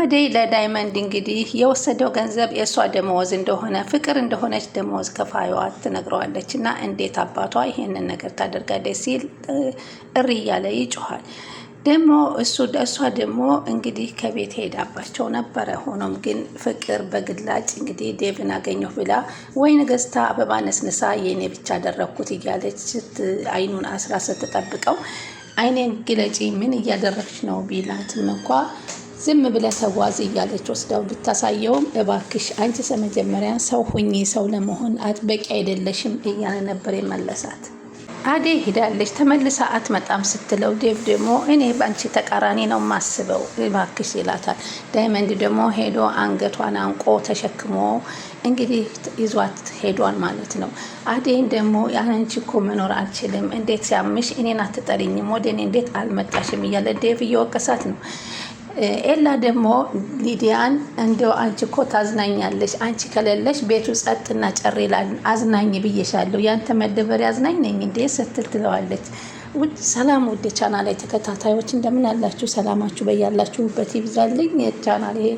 አደይ ለዳይመንድ እንግዲህ የወሰደው ገንዘብ የእሷ ደመወዝ እንደሆነ ፍቅር እንደሆነች ደመወዝ ከፋዩዋ ትነግረዋለች። እና እንዴት አባቷ ይሄንን ነገር ታደርጋለች ሲል እሪ እያለ ይጮኋል። ደግሞ እሱ እሷ ደግሞ እንግዲህ ከቤት ሄዳባቸው ነበረ። ሆኖም ግን ፍቅር በግላጭ እንግዲህ ዴቭን አገኘሁ ብላ ወይን ገዝታ አበባ ነስንሳ የእኔ ብቻ አደረግኩት እያለች አይኑን አስራ ስትጠብቀው አይኔን ግለጪ ምን እያደረግች ነው ቢላትም እንኳ ዝም ብለ ተጓዝ እያለች ወስዳው ብታሳየውም እባክሽ አንቺ ሰመጀመሪያ ሰው ሁኚ፣ ሰው ለመሆን አጥበቂ አይደለሽም እያለ ነበር የመለሳት። አዴ ሄዳለች ተመልሳ አትመጣም ስትለው ዴቭ ደግሞ እኔ በአንቺ ተቃራኒ ነው ማስበው እባክሽ ይላታል። ዳይመንድ ደግሞ ሄዶ አንገቷን አንቆ ተሸክሞ እንግዲህ ይዟት ሄዷል ማለት ነው። አዴን ደግሞ ያንቺ እኮ መኖር አልችልም፣ እንዴት ሲያምሽ እኔን አትጠሪኝም፣ ወደ እኔ እንዴት አልመጣሽም እያለ ዴቭ እየወቀሳት ነው ኤላ ደግሞ ሊዲያን እንደው አንቺ እኮ ታዝናኛለሽ፣ አንቺ ከሌለሽ ቤቱ ጸጥና ጨር ይላል። አዝናኝ ብዬሻለሁ፣ ያንተ መደበር አዝናኝ ነኝ እንዴ ስትል ትለዋለች። ውድ ሰላም ውድ ቻናል ላይ ተከታታዮች እንደምን አላችሁ? ሰላማችሁ በያላችሁበት ይብዛልኝ። ቻናል ይሄ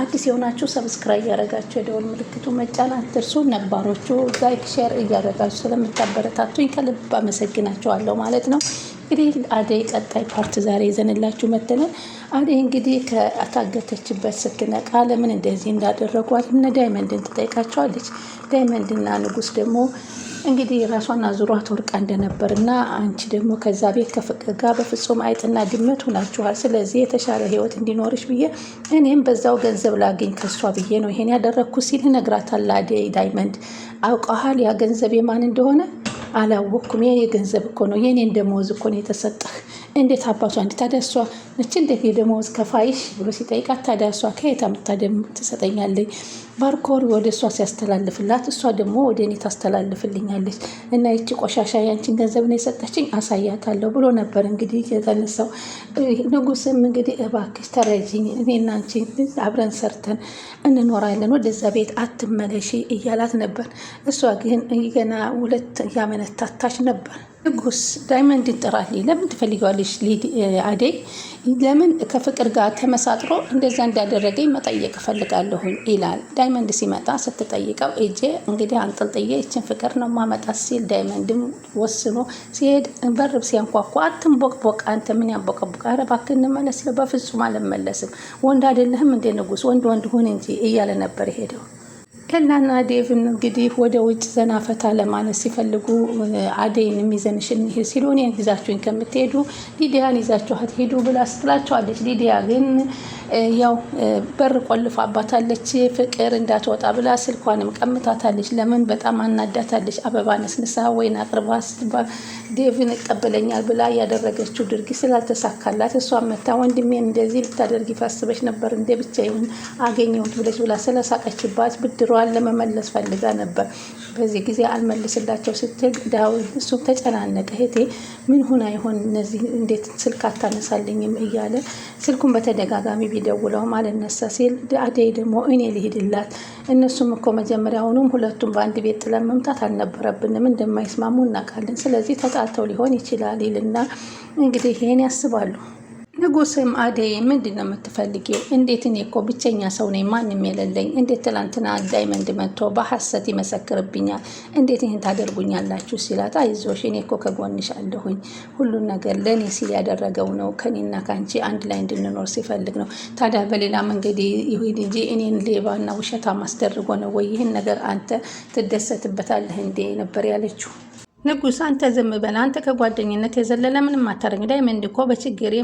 አዲስ የሆናችሁ ሰብስክራይብ እያደረጋችሁ የደወል ምልክቱ መጫን አትርሱ። ነባሮቹ ላይክ፣ ሼር እያደረጋችሁ ስለምታበረታቱኝ ከልብ አመሰግናችኋለሁ ማለት ነው። እንግዲህ አደይ ቀጣይ ፓርት ዛሬ ይዘንላችሁ መተናል። አደይ እንግዲህ ከታገተችበት ስትነቃ ለምን እንደዚህ እንዳደረጓት እነ ዳይመንድን ትጠይቃቸዋለች። ዳይመንድና ንጉስ ደግሞ እንግዲህ ራሷን አዙሯ ወርቃ እንደነበር እና አንቺ ደግሞ ከዛ ቤት ከፍቅር ጋር በፍጹም አይጥና ድመት ሆናችኋል። ስለዚህ የተሻለ ህይወት እንዲኖርሽ ብዬ እኔም በዛው ገንዘብ ላገኝ ከሷ ብዬ ነው ይሄን ያደረግኩ ሲል ነግራታል። አደይ ዳይመንድ አውቀሃል ያ ገንዘብ የማን እንደሆነ አላወቅኩም። የኔ ገንዘብ እኮ ነው የኔን ደመወዝ እኮ ነው የተሰጠህ እንዴት አባቷ እንዴት ታዳሷ ነች እንዴት የደመወዝ ከፋይሽ ብሎ ሲጠይቃት ታዳሷ ከየት አምጥታ ደም ትሰጠኛለች? ባርኮር ወደ እሷ ሲያስተላልፍላት እሷ ደግሞ ወደ እኔ ታስተላልፍልኛለች እና ይቺ ቆሻሻ ያንቺን ገንዘብ ነው የሰጠችኝ አሳያታለሁ ብሎ ነበር እንግዲህ የተነሳው። ንጉስም እንግዲህ እባክሽ ተረጂኝ፣ እኔ እና አንቺ አብረን ሰርተን እንኖራለን፣ ወደዛ ቤት አትመለሺ እያላት ነበር። እሷ ግን ገና ሁለት ያመነታታች ነበር። ንጉስ ዳይመንድን ጥራልኝ። ለምን ትፈልገዋለች? አደይ ለምን ከፍቅር ጋር ተመሳጥሮ እንደዛ እንዳደረገኝ መጠየቅ እፈልጋለሁኝ ይላል። ዳይመንድ ሲመጣ ስትጠይቀው እጄ እንግዲህ አንጠልጥዬ ይችን ፍቅር ነው ማመጣት ሲል ዳይመንድም ወስኖ ሲሄድ በርብ ሲያንኳኳ አትንቦቅቦቅ፣ አንተ ምን ያንቦቀቦቅ? ኧረ እባክህ እንመለስ። በፍጹም አልመለስም። ወንድ አይደለህም እንደ ንጉስ፣ ወንድ ወንድ ሁን እንጂ እያለ ነበር የሄደው። ኤላና ዴቭ እንግዲህ ወደ ውጭ ዘና ፈታ ለማለት ሲፈልጉ አደይን የሚዘንሽ እንሂድ ሲሉ እኔን ይዛችሁኝ ከምትሄዱ ሊዲያን ይዛችኋት ሂዱ ብላ ስትላቸዋለች። ሊዲያ ግን ያው በር ቆልፋባታለች። ፍቅር እንዳትወጣ ብላ ስልኳንም ቀምታታለች። ለምን በጣም አናዳታለች። አበባ ነስንሳ ወይን አቅርባ ዴቭን እቀበለኛል ብላ ያደረገችው ድርጊት ስላልተሳካላት እሷ መታ ወንድሜን እንደዚህ ልታደርግ ታስበች ነበር እንደ ብቻ ይሁን አገኘሁት ብለች ብላ ስለሳቀችባት ብድሯ ብሯን ለመመለስ ፈልጋ ነበር። በዚህ ጊዜ አልመልስላቸው ስትል ድሃው እሱም ተጨናነቀ። እህቴ ምን ሆና ይሆን እነዚህ እንዴት ስልክ አታነሳልኝም እያለ ስልኩን በተደጋጋሚ ቢደውለውም አልነሳ ሲል አደይ ደግሞ እኔ ልሂድላት፣ እነሱም እኮ መጀመሪያውኑም ሁለቱም በአንድ ቤት ጥለን መምጣት አልነበረብንም፣ እንደማይስማሙ እናውቃለን። ስለዚህ ተጣልተው ሊሆን ይችላል ይልና እንግዲህ ይሄን ያስባሉ። ንጉስም አደይ ምንድን ነው የምትፈልጊው? እንዴት እኔ እኮ ብቸኛ ሰው ነኝ፣ ማንም የለለኝ። እንዴት ትላንትና ዳይመንድ መጥቶ በሐሰት ይመሰክርብኛል? እንዴት ይህን ታደርጉኛላችሁ? ሲላት አይዞሽ፣ እኔ እኮ ከጎንሽ አለሁኝ። ሁሉን ነገር ለእኔ ሲል ያደረገው ነው። ከኔና ከአንቺ አንድ ላይ እንድንኖር ሲፈልግ ነው። ታዲያ በሌላ መንገድ ይሁን እንጂ እኔን ሌባና ውሸታ ማስደርጎ ነው ወይ? ይህን ነገር አንተ ትደሰትበታለህ እንዴ? ነበር ያለችው። ንጉስ አንተ ዝም በል አንተ ከጓደኝነት የዘለለ ምንም አታደርግ። ዳይመንድ እኮ በችግር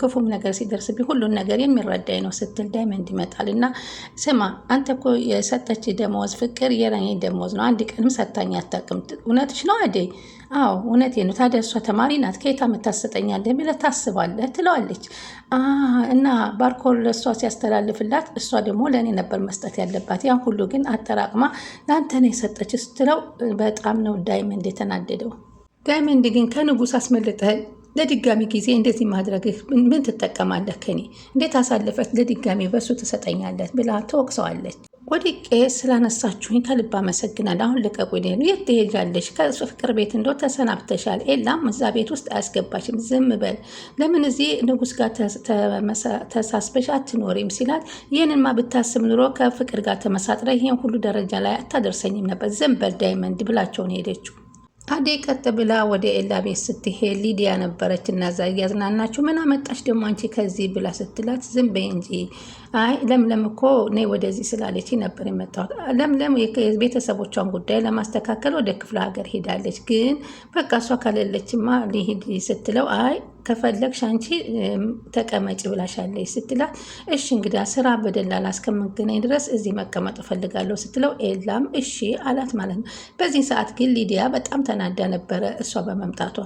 ክፉም ነገር ሲደርስብኝ ሁሉን ነገር የሚረዳኝ ነው ስትል ዳይመንድ ይመጣል እና ስማ አንተ እኮ የሰጠች ደሞዝ ፍቅር የረኔ ደሞዝ ነው። አንድ ቀንም ሰጥታኝ አታውቅም። እውነትሽ ነው አደይ አዎ እውነቴ ነው። ታዲያ እሷ ተማሪ ናት፣ ከየታ ምታሰጠኛለ የሚለ ታስባለ ትለዋለች። እና ባርኮል እሷ ሲያስተላልፍላት እሷ ደግሞ ለእኔ ነበር መስጠት ያለባት፣ ያን ሁሉ ግን አጠራቅማ ለአንተ ነው የሰጠች ስትለው በጣም ነው ዳይመንድ የተናደደው። ዳይመንድ ግን ከንጉስ አስመልጠህን ለድጋሚ ጊዜ እንደዚህ ማድረግህ ምን ትጠቀማለህ? ከኔ እንዴት አሳልፈት ለድጋሚ በሱ ትሰጠኛለህ ብላ ትወቅሰዋለች። ወድቄ ስላነሳችሁኝ ከልብ አመሰግናል። አሁን ልቀቁ ይሄዱ። የት ትሄጃለሽ? ከእሱ ፍቅር ቤት እንደው ተሰናብተሻል። ኤላም እዛ ቤት ውስጥ አያስገባሽም። ዝም በል። ለምን እዚህ ንጉስ ጋር ተሳስበሽ አትኖሪም? ሲላት ይህንንማ ብታስብ ኑሮ ከፍቅር ጋር ተመሳጥረ ይህን ሁሉ ደረጃ ላይ አታደርሰኝም ነበር። ዝም በል ዳይመንድ ብላቸውን ሄደችው። አዴ ቀጥ ብላ ወደ ኤላ ቤት ስትሄድ ሊዲያ ነበረች እና እዛ እያዝናናችሁ ምን አመጣሽ ደግሞ አንቺ ከዚህ ብላ ስትላት ዝም በይ እንጂ አይ ለምለም እኮ እኔ ወደዚህ ስላለች ነበር የመጣሁት። ለምለም ቤተሰቦቿን ጉዳይ ለማስተካከል ወደ ክፍለ ሀገር ሄዳለች። ግን በቃ እሷ ከሌለችማ ሊሄድ ስትለው አይ ከፈለግሽ አንቺ ተቀመጭ ብላሻለች ስትላት፣ እሺ እንግዳ ስራ በደላላ እስከምገናኝ ድረስ እዚህ መቀመጥ እፈልጋለሁ ስትለው ኤላም እሺ አላት ማለት ነው። በዚህ ሰዓት ግን ሊዲያ በጣም ተናዳ ነበረ እሷ በመምጣቷ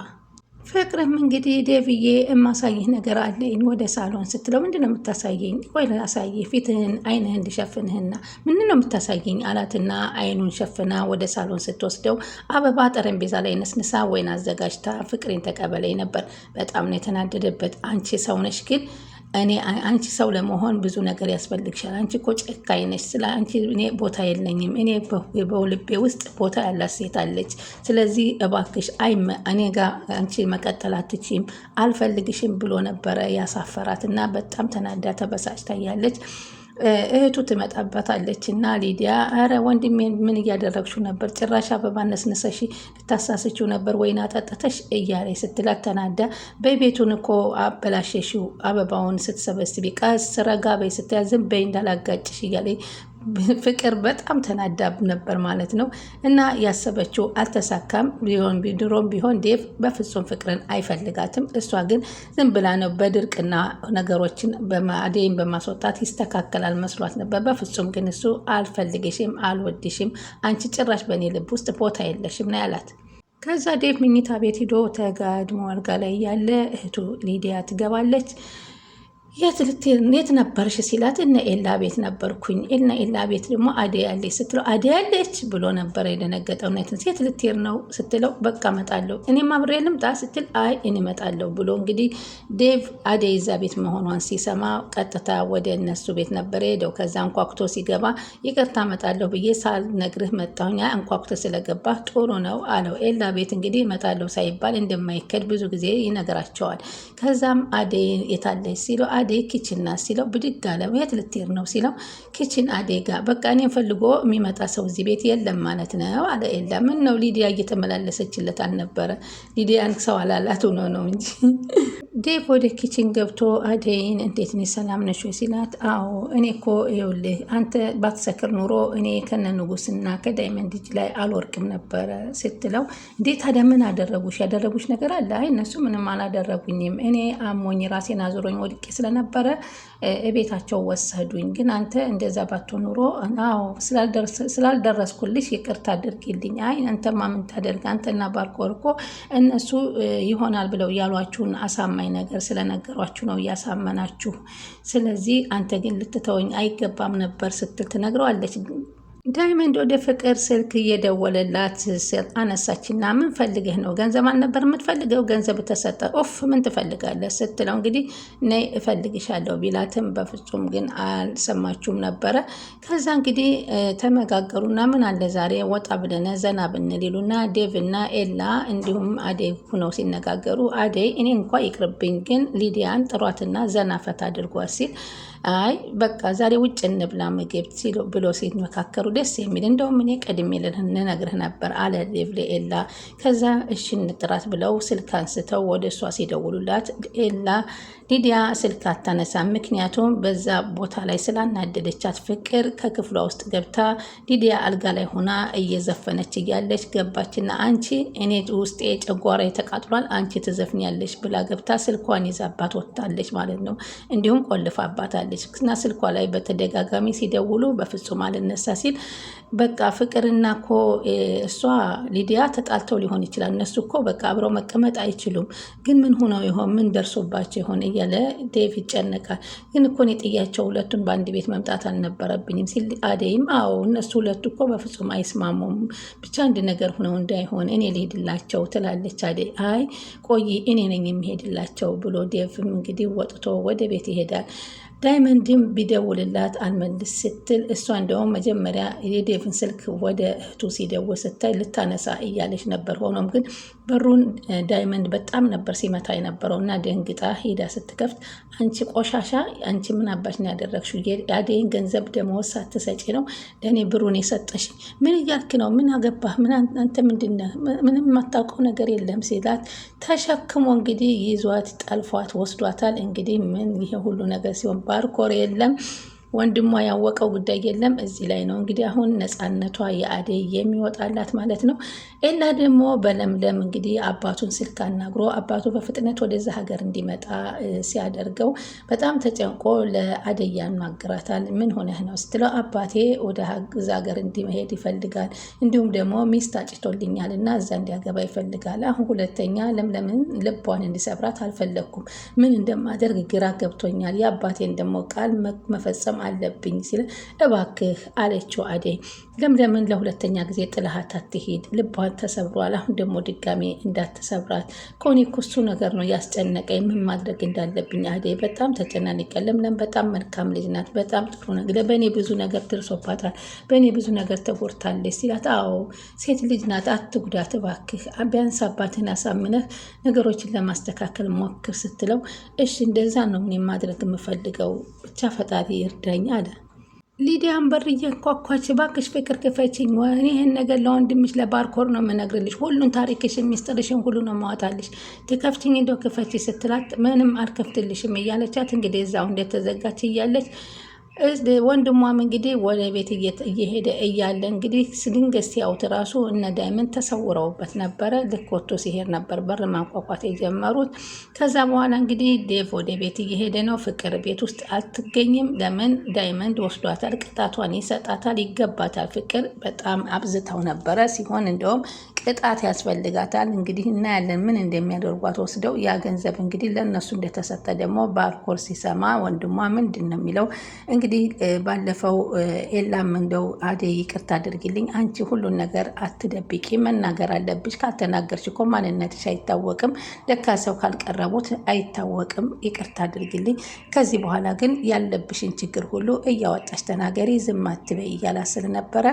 ፍቅርም እንግዲህ ደብዬ የማሳይህ ነገር አለኝ ወደ ሳሎን ስትለው ምንድነው የምታሳየኝ? ወይ ላሳይ ፊትህን አይንህን እንድሸፍንህና ነው የምታሳየኝ አላትና አይኑን ሸፍና ወደ ሳሎን ስትወስደው አበባ ጠረጴዛ ላይ ነስንሳ ወይን አዘጋጅታ ፍቅሬን ተቀበለኝ ነበር። በጣም ነው የተናደደበት። አንቺ ሰውነሽ ግን እኔ አንቺ ሰው ለመሆን ብዙ ነገር ያስፈልግሻል። አንቺ እኮ ጨካኝ ነሽ። ስለ አንቺ እኔ ቦታ የለኝም። እኔ በልቤ ውስጥ ቦታ ያላት ሴት አለች። ስለዚህ እባክሽ አይመ እኔ ጋር አንቺ መቀጠል አትችም፣ አልፈልግሽም ብሎ ነበረ ያሳፈራት እና በጣም ተናዳ ተበሳጭታ ያለች እህቱ ትመጣበታለች እና ሊዲያ ኧረ ወንድሜ ምን እያደረግሽው ነበር? ጭራሽ አበባ ነስንሰሽ ልታሳስችው ነበር ወይን አጠጥተሽ እያለ ስትላት ተናዳ በቤቱን እኮ አበላሸሽው አበባውን ስትሰበስቢ ቀስ ረጋ በይ ስትያዝም በይ እንዳላጋጭሽ እያለ ፍቅር በጣም ተናዳብ ነበር ማለት ነው። እና ያሰበችው አልተሳካም። ቢሆን ድሮም ቢሆን ዴቭ በፍጹም ፍቅርን አይፈልጋትም። እሷ ግን ዝም ብላ ነው በድርቅና ነገሮችን አደይን በማስወጣት ይስተካከላል መስሏት ነበር። በፍጹም ግን እሱ አልፈልግሽም፣ አልወድሽም፣ አንቺ ጭራሽ በእኔ ልብ ውስጥ ቦታ የለሽም ነው ያላት። ከዛ ዴቭ ምኝታ ቤት ሂዶ ተጋድሞ አልጋ ላይ ያለ እህቱ ሊዲያ ትገባለች። የት ነበርሽ ሲላት እነ ኤላ ቤት ነበርኩኝ፣ እነ ኤላ ቤት ደግሞ አደይ አለች ስትለው አደይ አለች ብሎ ነበር የደነገጠው። እውነት የት ልትሄድ ነው ስትለው በቃ እመጣለሁ እኔም አብሬ ልምጣ ስትል አይ እኔ እመጣለሁ ብሎ እንግዲህ ዴቭ አደይ እዛ ቤት መሆኗን ሲሰማ ቀጥታ ወደ እነሱ ቤት ነበረ ሄደው። ከዛ እንኳኩቶ ሲገባ ይቅርታ እመጣለሁ ብዬ ሳልነግርህ መጣሁኝ፣ እንኳኩቶ ስለገባ ጥሩ ነው አለው። ኤላ ቤት እንግዲህ እመጣለሁ ሳይባል እንደማይከድ ብዙ ጊዜ ይነግራቸዋል። ከዛም አደይ የታለች ሲለው አደይ ኪችን ናት ሲለው ብድግ አለ። የት ልትሄድ ነው ሲለው ኪችን አደይ ጋ በቃ እኔን ፈልጎ የሚመጣ ሰው እዚህ ቤት የለም ማለት ነው አለ። የለ ምን ነው ሊዲያ እየተመላለሰችለት አልነበረ? ሊዲያን ሰው አላላት ሆኖ ነው እንጂ ዴቭ ወደ ኪችን ገብቶ አደይን እንዴት ነሽ ሰላም ነሽ ሲላት፣ አዎ እኔ እኮ ይኸውልህ አንተ ባትሰክር ኑሮ እኔ ከነ ንጉስና ከዳይመንድ እጅ ላይ አልወርቅም ነበረ ስትለው፣ እንዴት ታዲያ ምን አደረጉሽ? ያደረጉሽ ነገር አለ? አይ እነሱ ምንም አላደረጉኝም እኔ አሞኝ ራሴን አዞሮኝ ወድቄ ስለ ስለነበረ ቤታቸው ወሰዱኝ። ግን አንተ እንደዛ ባቶ ኑሮ ስላልደረስኩልሽ ይቅርታ አድርጊልኝ። አይ አንተማ ምን ታደርግ አንተና ባርኮር እኮ እነሱ ይሆናል ብለው ያሏችሁን አሳማኝ ነገር ስለነገሯችሁ ነው እያሳመናችሁ። ስለዚህ አንተ ግን ልትተወኝ አይገባም ነበር ስትል ትነግረዋለች። ዳይመንድ ወደ ፍቅር ስልክ እየደወለላት አነሳችና ምን ፈልግህ ነው? ገንዘብ አልነበር የምትፈልገው? ገንዘብ ተሰጠ። ኦፍ ምን ትፈልጋለህ ስትለው እንግዲህ ነይ እፈልግሻለሁ ቢላትም በፍጹም ግን አልሰማችሁም ነበረ። ከዛ እንግዲህ ተመጋገሩና ምን አለ ዛሬ ወጣ ብለን ዘና ብንል ይሉና ዴቭ እና ኤላ እንዲሁም አደይ ሁነው ሲነጋገሩ አደይ እኔ እንኳ ይቅርብኝ፣ ግን ሊዲያን ጥሯትና ዘና ፈታ አድርጓ ሲል አይ በቃ ዛሬ ውጭ እንብላ ምግብ ብሎ ሲመካከሩ ደስ የሚል እንደውም እኔ ቀድሜ ልነግርህ ነበር አለ ዴቭ ለኤላ። ከዛ እሺ እንጥራት ብለው ስልክ አንስተው ወደ እሷ ሲደውሉላት ኤላ ሊዲያ ስልክ አታነሳ ምክንያቱም በዛ ቦታ ላይ ስላናደደቻት ፍቅር ከክፍሏ ውስጥ ገብታ ሊዲያ አልጋ ላይ ሆና እየዘፈነች እያለች ገባችና አንቺ እኔ ውስጤ ጨጓራ ተቃጥሏል፣ አንቺ ትዘፍኛለች ብላ ገብታ ስልኳን ይዛባት ወጥታለች ማለት ነው። እንዲሁም ቆልፋባታለች እና ስልኳ ላይ በተደጋጋሚ ሲደውሉ በፍጹም አልነሳ ሲል በቃ ፍቅርና ኮ እሷ ሊዲያ ተጣልተው ሊሆን ይችላል። እነሱ እኮ በቃ አብረው መቀመጥ አይችሉም። ግን ምን ሆነው ይሆን ምን ደርሶባቸው ይሆን እያለ ዴቭ ይጨነቃል። ግን እኮ እኔ ጥያቸው ሁለቱን በአንድ ቤት መምጣት አልነበረብኝም ሲል አደይም አዎ እነሱ ሁለቱ እኮ በፍጹም አይስማሙም፣ ብቻ አንድ ነገር ሆነው እንዳይሆን እኔ ልሄድላቸው ትላለች አደይ። አይ ቆይ እኔ ነኝ የምሄድላቸው ብሎ ዴቭም እንግዲህ ወጥቶ ወደ ቤት ይሄዳል። ዳይመንድም ቢደውልላት አልመልስ ስትል እሷ እንደውም መጀመሪያ የዴቭን ስልክ ወደ እህቱ ሲደውል ስታይ ልታነሳ እያለች ነበር። ሆኖም ግን በሩን ዳይመንድ በጣም ነበር ሲመታ የነበረው እና ደንግጣ ሄዳ ስትከፍት አንቺ ቆሻሻ፣ አንቺ ምን አባሽ ያደረግሽው? የአደይን ገንዘብ ደመወዝ ሳትሰጪ ነው እኔ ብሩን የሰጠሽ። ምን እያልክ ነው? ምን አገባህ? አንተ ምንድን ነህ? ምንም የማታውቀው ነገር የለም ሲላት ተሸክሞ እንግዲህ ይዟት ጠልፏት ወስዷታል። እንግዲህ ምን ይሄ ሁሉ ነገር ሲሆን ባርኮር የለም ወንድሟ ያወቀው ጉዳይ የለም። እዚህ ላይ ነው እንግዲህ አሁን ነፃነቷ የአደይ የሚወጣላት ማለት ነው። ኤላ ደግሞ በለምለም እንግዲህ አባቱን ስልክ አናግሮ አባቱ በፍጥነት ወደዛ ሀገር እንዲመጣ ሲያደርገው በጣም ተጨንቆ ለአደይ ያናግራታል። ምን ሆነህ ነው ስትለው አባቴ ወደ እዛ ሀገር እንዲመሄድ ይፈልጋል፣ እንዲሁም ደግሞ ሚስት አጭቶልኛል እና እዛ እንዲያገባ ይፈልጋል። አሁን ሁለተኛ ለምለምን ልቧን እንዲሰብራት አልፈለግኩም። ምን እንደማደርግ ግራ ገብቶኛል። የአባቴን ደግሞ ቃል መፈጸም አለብኝ ሲል እባክህ አለችው አደይ። ለምለምን ለሁለተኛ ጊዜ ጥልሃት አትሄድ፣ ልቧን ተሰብሯል። አሁን ደግሞ ድጋሜ እንዳትሰብራት። ከሆኔ ኩሱ ነገር ነው ያስጨነቀኝ፣ ምን ማድረግ እንዳለብኝ። አደይ በጣም ተጨናንቀ። ለምለም በጣም መልካም ልጅ ናት፣ በጣም ጥሩ ነገር፣ በእኔ ብዙ ነገር ደርሶባታል፣ በእኔ ብዙ ነገር ተጎድታለች ሲላት፣ አዎ ሴት ልጅ ናት፣ አትጉዳት እባክህ፣ ቢያንስ አባትህን አሳምነህ ነገሮችን ለማስተካከል ሞክር ስትለው፣ እሺ እንደዛ ነው እኔ ማድረግ የምፈልገው፣ ብቻ ፈጣሪ ይርዳ ይርዳኝ አለ። ሊዲያን በር እያንኳኳች እባክሽ ፍቅር ክፈችኝ፣ ይህን ነገር ለወንድምሽ ለባርኮር ነው የምነግርልሽ፣ ሁሉን ታሪክሽን፣ ሚስጥርሽን ሁሉ ነው ማወጣልሽ፣ ትከፍችኝ እንደው ክፈች ስትላት ምንም አልከፍትልሽም እያለቻት እንግዲህ እዛው እንደተዘጋች እያለች ወንድሟም እንግዲህ ወደ ቤት እየሄደ እያለ እንግዲህ ድንገት ሲያዩት ራሱ እነ ዳይመንድ ተሰውረውበት ነበረ። ልክ ወጥቶ ሲሄድ ነበር በር ማንኳኳት የጀመሩት። ከዛ በኋላ እንግዲህ ዴቭ ወደ ቤት እየሄደ ነው። ፍቅር ቤት ውስጥ አትገኝም። ለምን ዳይመንድ ወስዷታል፣ ቅጣቷን ይሰጣታል፣ ይገባታል። ፍቅር በጣም አብዝተው ነበረ ሲሆን እንደውም ቅጣት ያስፈልጋታል። እንግዲህ እናያለን ምን እንደሚያደርጓት ወስደው። ያ ገንዘብ እንግዲህ ለእነሱ እንደተሰጠ ደግሞ በአልኮር ሲሰማ ወንድሟ ምንድን ነው የሚለው እንግዲህ ባለፈው ኤላም እንደው አደይ ይቅርታ አድርጊልኝ፣ አንቺ ሁሉን ነገር አትደብቂ፣ መናገር አለብሽ። ካልተናገርሽ እኮ ማንነትሽ አይታወቅም። ለካ ሰው ካልቀረቡት አይታወቅም። ይቅርታ አድርጊልኝ። ከዚህ በኋላ ግን ያለብሽን ችግር ሁሉ እያወጣሽ ተናገሪ፣ ዝም አትበይ እያላ ስለነበረ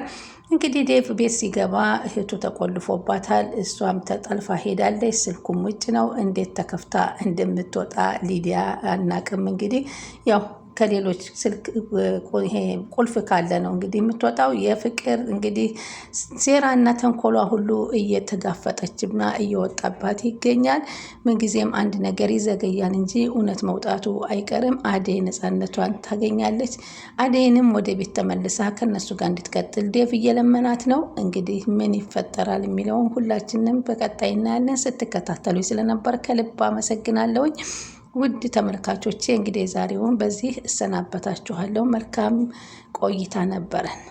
እንግዲህ ዴቭ ቤት ሲገባ እህቱ ተቆልፎ ተደርጎባታል። እሷም ተጠልፋ ሄዳለች። ስልኩም ውጭ ነው። እንዴት ተከፍታ እንደምትወጣ ሊዲያ አናቅም። እንግዲህ ያው ከሌሎች ስልክ ቁልፍ ካለ ነው እንግዲህ የምትወጣው። የፍቅር እንግዲህ ሴራና ተንኮሏ ሁሉ እየተጋፈጠችና እየወጣባት ይገኛል። ምንጊዜም አንድ ነገር ይዘገያል እንጂ እውነት መውጣቱ አይቀርም። አደይ ነፃነቷን ታገኛለች። አደይንም ወደ ቤት ተመልሳ ከነሱ ጋር እንድትቀጥል ዴቭ እየለመናት ነው። እንግዲህ ምን ይፈጠራል የሚለውን ሁላችንም በቀጣይ እናያለን። ስትከታተሉ ስለነበር ከልብ አመሰግናለሁኝ። ውድ ተመልካቾቼ እንግዲህ የዛሬውን በዚህ እሰናበታችኋለሁ። መልካም ቆይታ ነበረን።